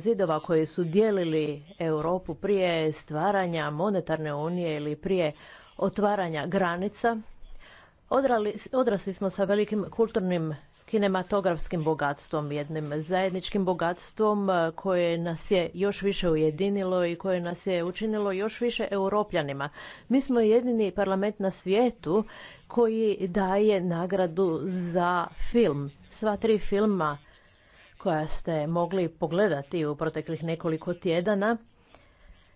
zidova koji su dijelili Europu prije stvaranja monetarne unije ili prije otvaranja granica, odrasli smo sa velikim kulturnim kinematografskim bogatstvom, jednim zajedničkim bogatstvom e, koje nas je još više ujedinilo i koje nas je učinilo još više europljanima. Mi smo jedini parlament na svijetu koji daje nagradu za film. Sva tri filma koja ste mogli pogledati u proteklih nekoliko tjedana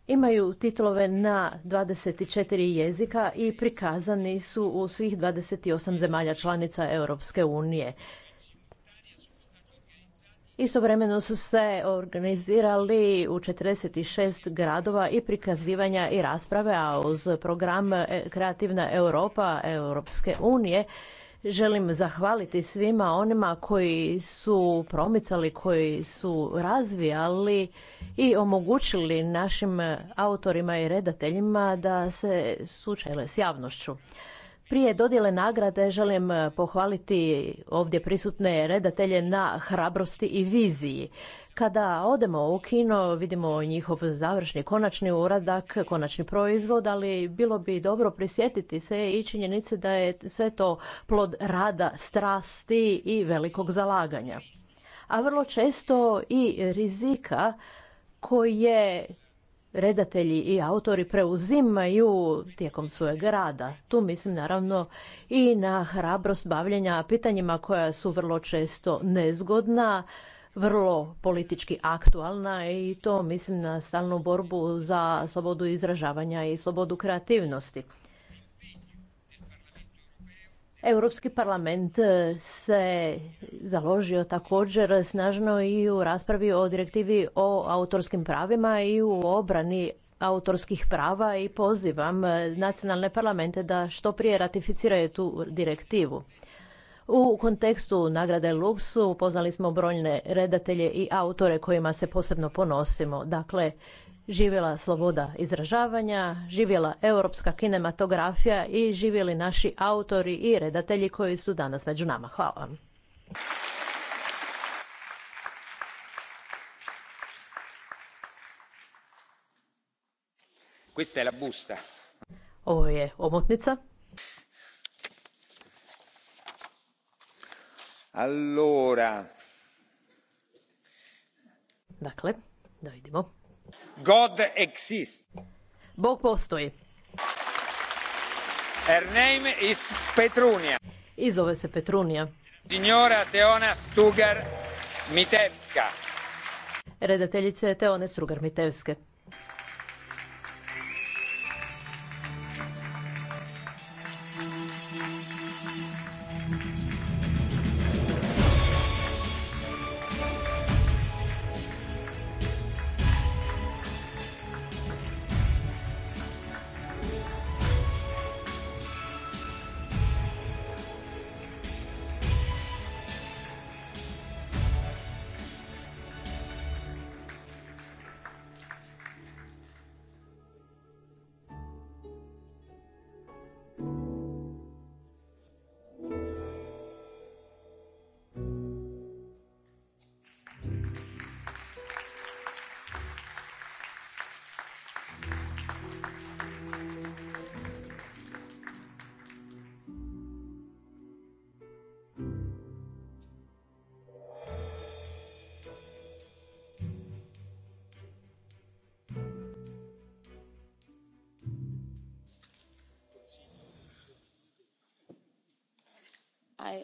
imaju titlove na 24 jezika i prikazani su u svih 28 zemalja članica Europske unije. Istovremeno su se organizirali u 46 gradova i prikazivanja i rasprave, a uz program Kreativna Europa Europske unije Želim zahvaliti svima onima koji su promicali, koji su razvijali i omogućili našim autorima i redateljima da se sučele s javnošću. Prije dodjele nagrade želim pohvaliti ovdje prisutne redatelje na hrabrosti i viziji. Kada odemo u kino, vidimo njihov završni, konačni uradak, konačni proizvod, ali bilo bi dobro prisjetiti se i činjenice da je sve to plod rada, strasti i velikog zalaganja. A vrlo često i rizika koje redatelji i autori preuzimaju tijekom svojeg rada. Tu mislim naravno i na hrabrost bavljenja pitanjima koja su vrlo često nezgodna, vrlo politički aktualna i to mislim na stalnu borbu za slobodu izražavanja i slobodu kreativnosti. Europski parlament se založio također snažno i u raspravi o direktivi o autorskim pravima i u obrani autorskih prava i pozivam nacionalne parlamente da što prije ratificiraju tu direktivu. U kontekstu nagrade Luxu upoznali smo brojne redatelje i autore kojima se posebno ponosimo. Dakle, živjela sloboda izražavanja, živjela europska kinematografija i živjeli naši autori i redatelji koji su danas među nama. Hvala vam. Ovo je omotnica. Allora. Dakle, da vidimo. God exists. Bog postoji. Her name is Petrunija. I zove se Petrunija. Signora Teona Stugar Mitevska. Redateljice Teone Strugar Mitevske. I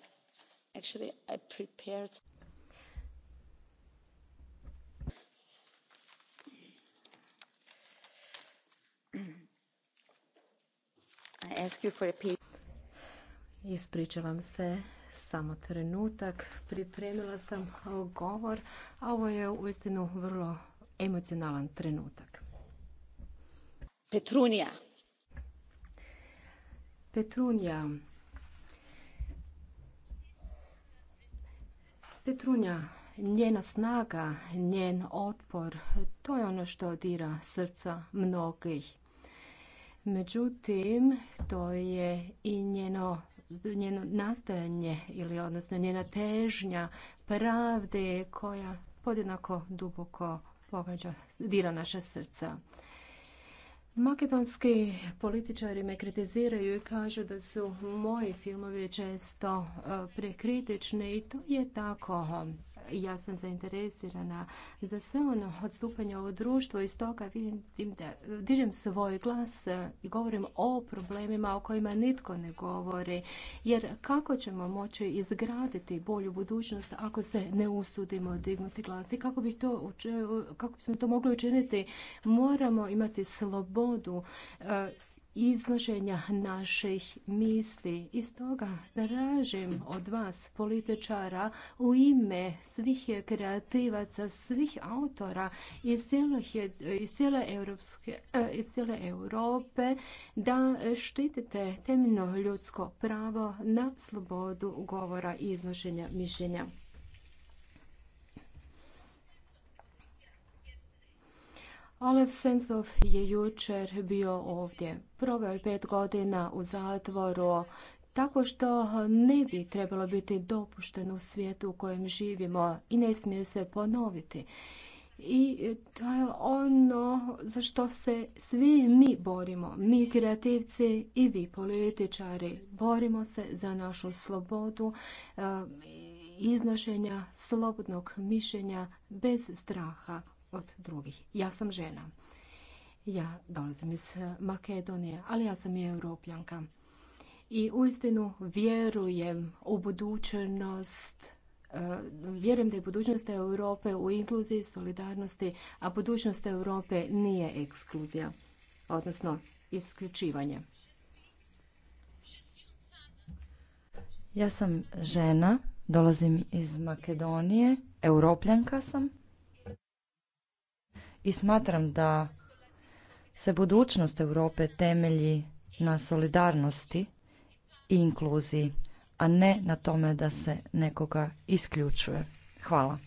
actually I prepared I ask you for a Ispričavam se samo trenutak. Pripremila sam govor, a ovo je uistinu vrlo emocionalan trenutak. Petrunija. Petrunija Petrunja, njena snaga, njen otpor, to je ono što dira srca mnogih. Međutim, to je i njeno, njeno nastajanje ili odnosno njena težnja pravde koja podjednako duboko pogađa, dira naše srca. Makedonski političari me kritiziraju i kažu da su moji filmovi često eh, prekritični i to je tako ja sam zainteresirana za sve ono odstupanje ovo društvo i stoga vidim da dižem svoj glas i govorim o problemima o kojima nitko ne govori. Jer kako ćemo moći izgraditi bolju budućnost ako se ne usudimo dignuti glas i kako, bi to, kako bismo to mogli učiniti moramo imati slobodu e, iznošenja naših misli. I stoga tražim od vas, političara, u ime svih kreativaca, svih autora iz, cijele, eh, iz cijele Europe, da štitite temeljno ljudsko pravo na slobodu govora i iznošenja mišljenja. Olev Senzov je jučer bio ovdje. Proveo je pet godina u zatvoru tako što ne bi trebalo biti dopušteno u svijetu u kojem živimo i ne smije se ponoviti. I to je ono za što se svi mi borimo, mi kreativci i vi političari. Borimo se za našu slobodu eh, iznošenja slobodnog mišljenja bez straha od drugih. Ja sam žena. Ja dolazim iz Makedonije, ali ja sam i europljanka. I uistinu vjerujem u budućnost eh, Vjerujem da je budućnost Europe u inkluziji, solidarnosti, a budućnost Europe nije ekskluzija, odnosno isključivanje. Ja sam žena, dolazim iz Makedonije, europljanka sam i smatram da se budućnost Europe temelji na solidarnosti i inkluziji, a ne na tome da se nekoga isključuje. Hvala.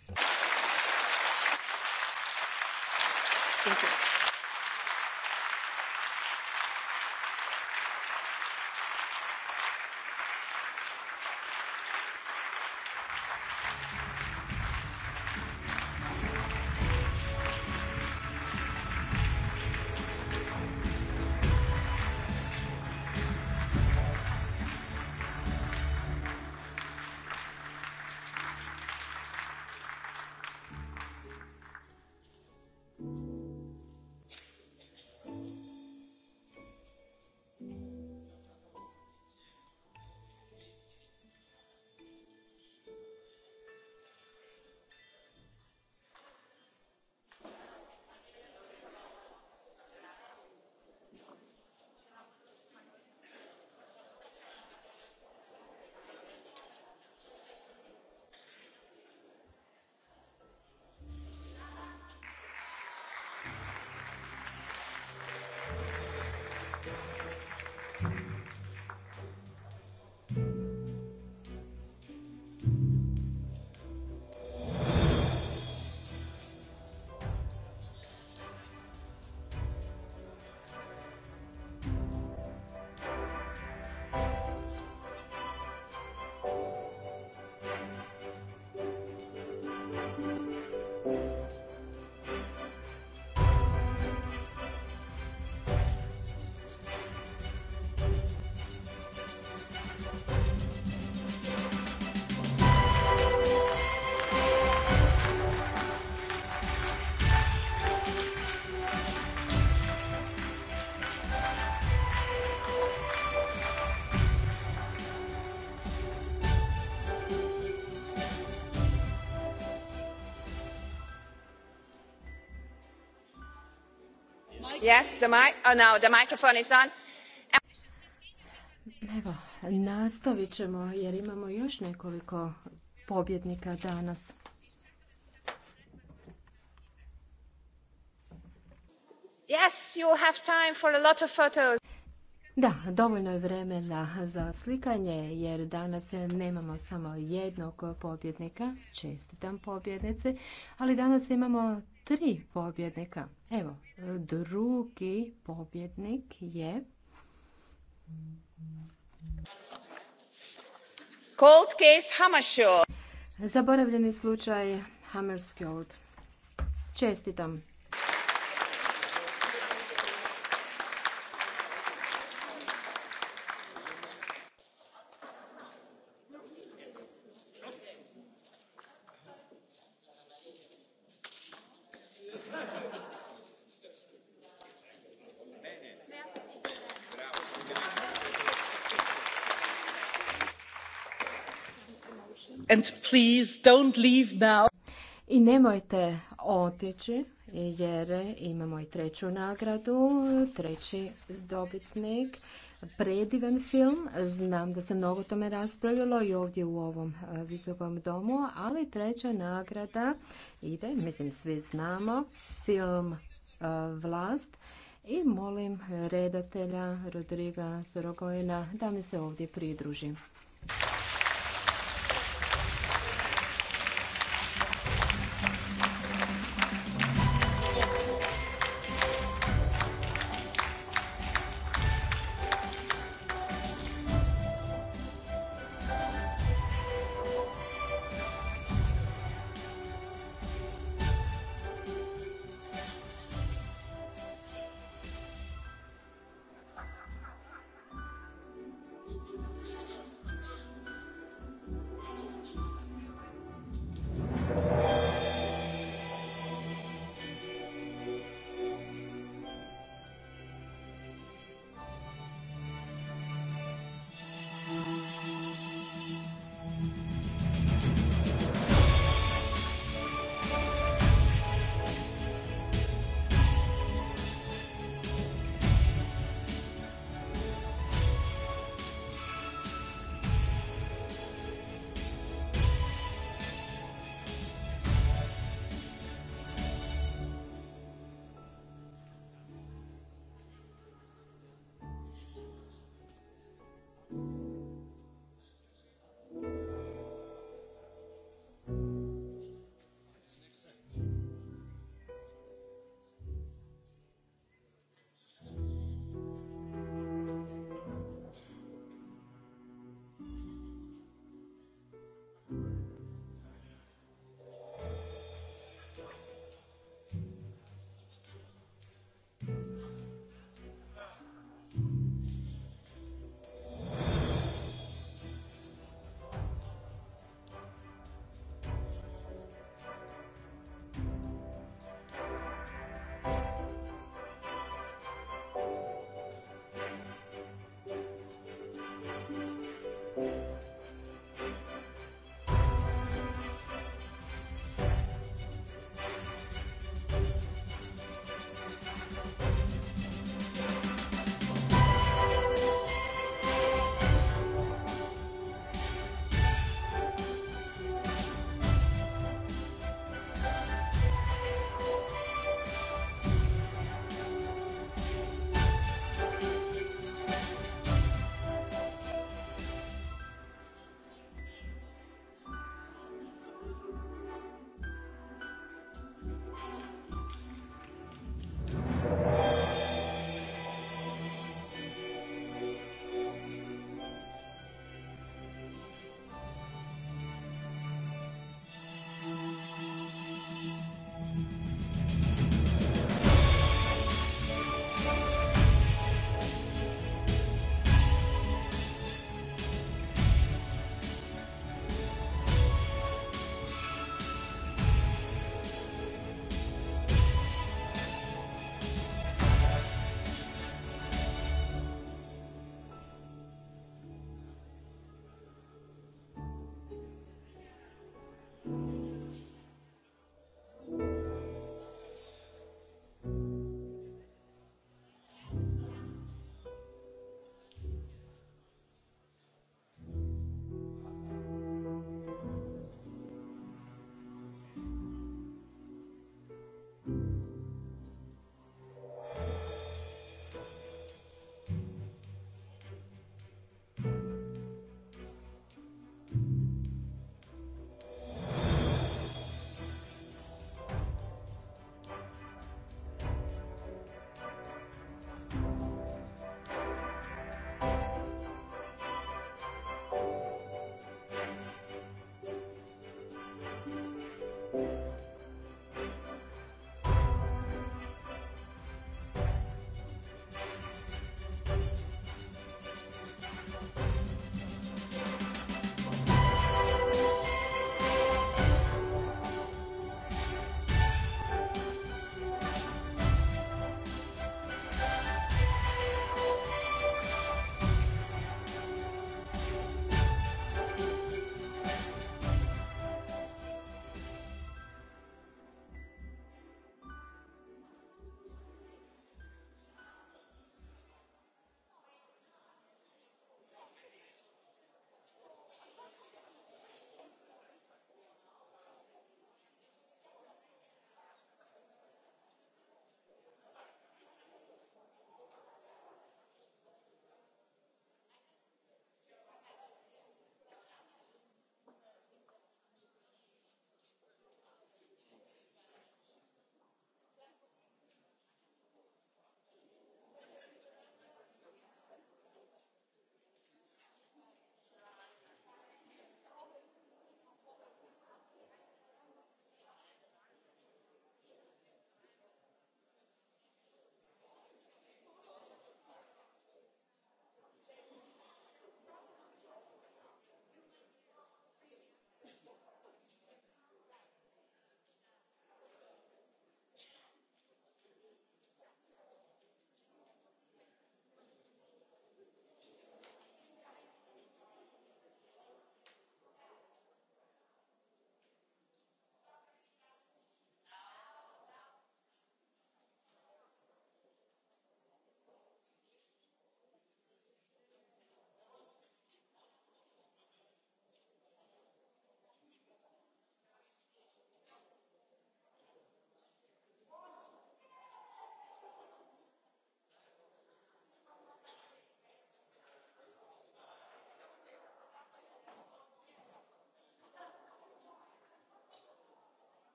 Oh, Evo, nastavit ćemo jer imamo još nekoliko pobjednika danas. Da, dovoljno je vremena za slikanje jer danas nemamo samo jednog pobjednika, čestitam pobjednice, ali danas imamo tri pobjednika. Evo, drugi pobjednik je... Cold case Zaboravljeni slučaj Hammerskjold. Čestitam. please don't leave now. I nemojte otići jer imamo i treću nagradu, treći dobitnik, predivan film. Znam da se mnogo tome raspravilo i ovdje u ovom e, visokom domu, ali treća nagrada ide, mislim svi znamo, film e, Vlast i molim redatelja Rodriga Sorogojna da mi se ovdje pridruži.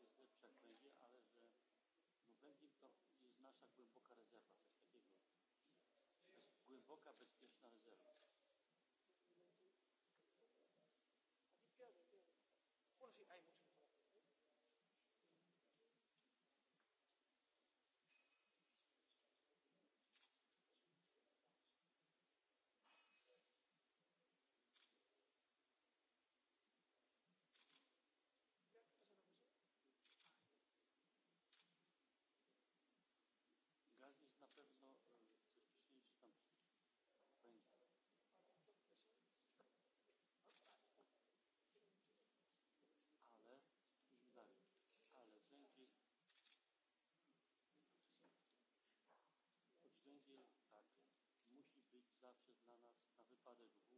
razie źle przekleje, ale że no Belgii to jest nasza głęboka rezerwa, coś takiego. To jest głęboka, bezpieczna rezerwa. znaczy nas na wypadek W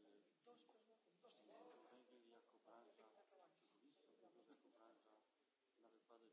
na wypadek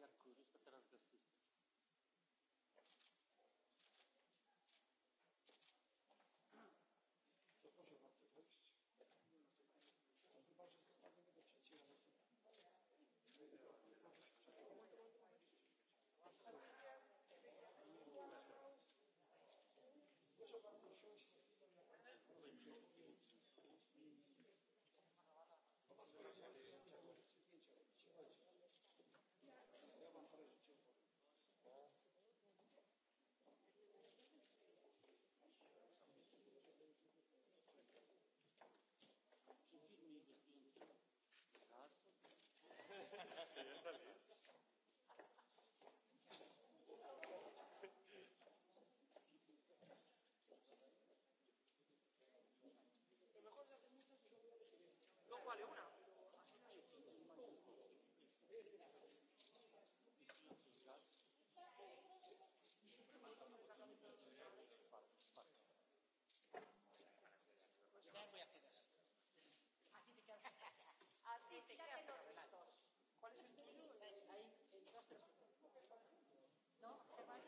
jak króliczka teraz bez Hvala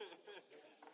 bedepe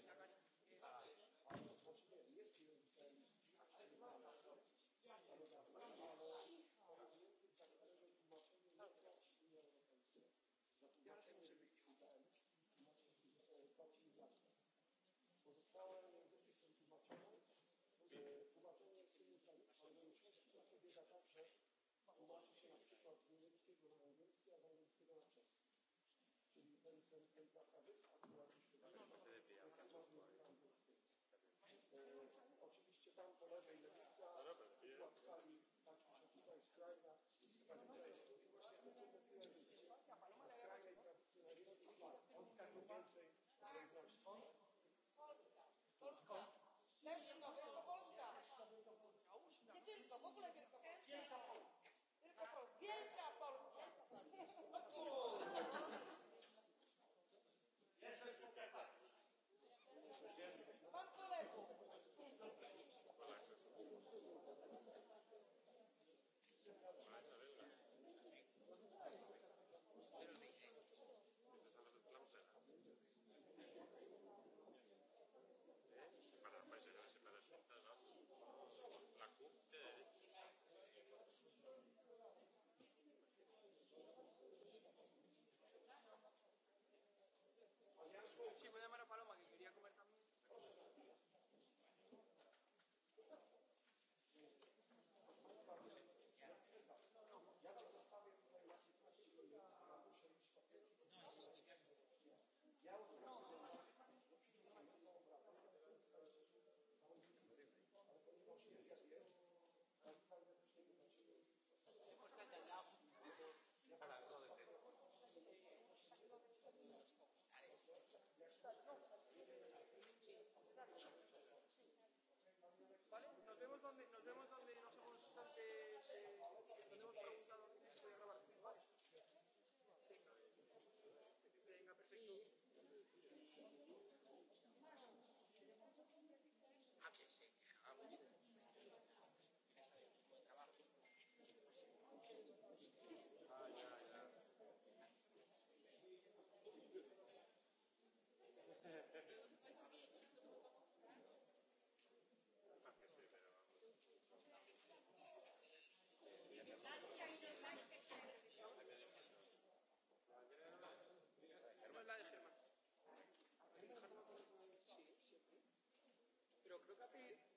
tłumaczy się na przykład z niemieckiego na Vale, nos vemos donde, nos vemos donde nos hemos antes, eh, donde hemos preguntado si se puede grabar. Vale. Venga, perfecto. ¿A que sí? toga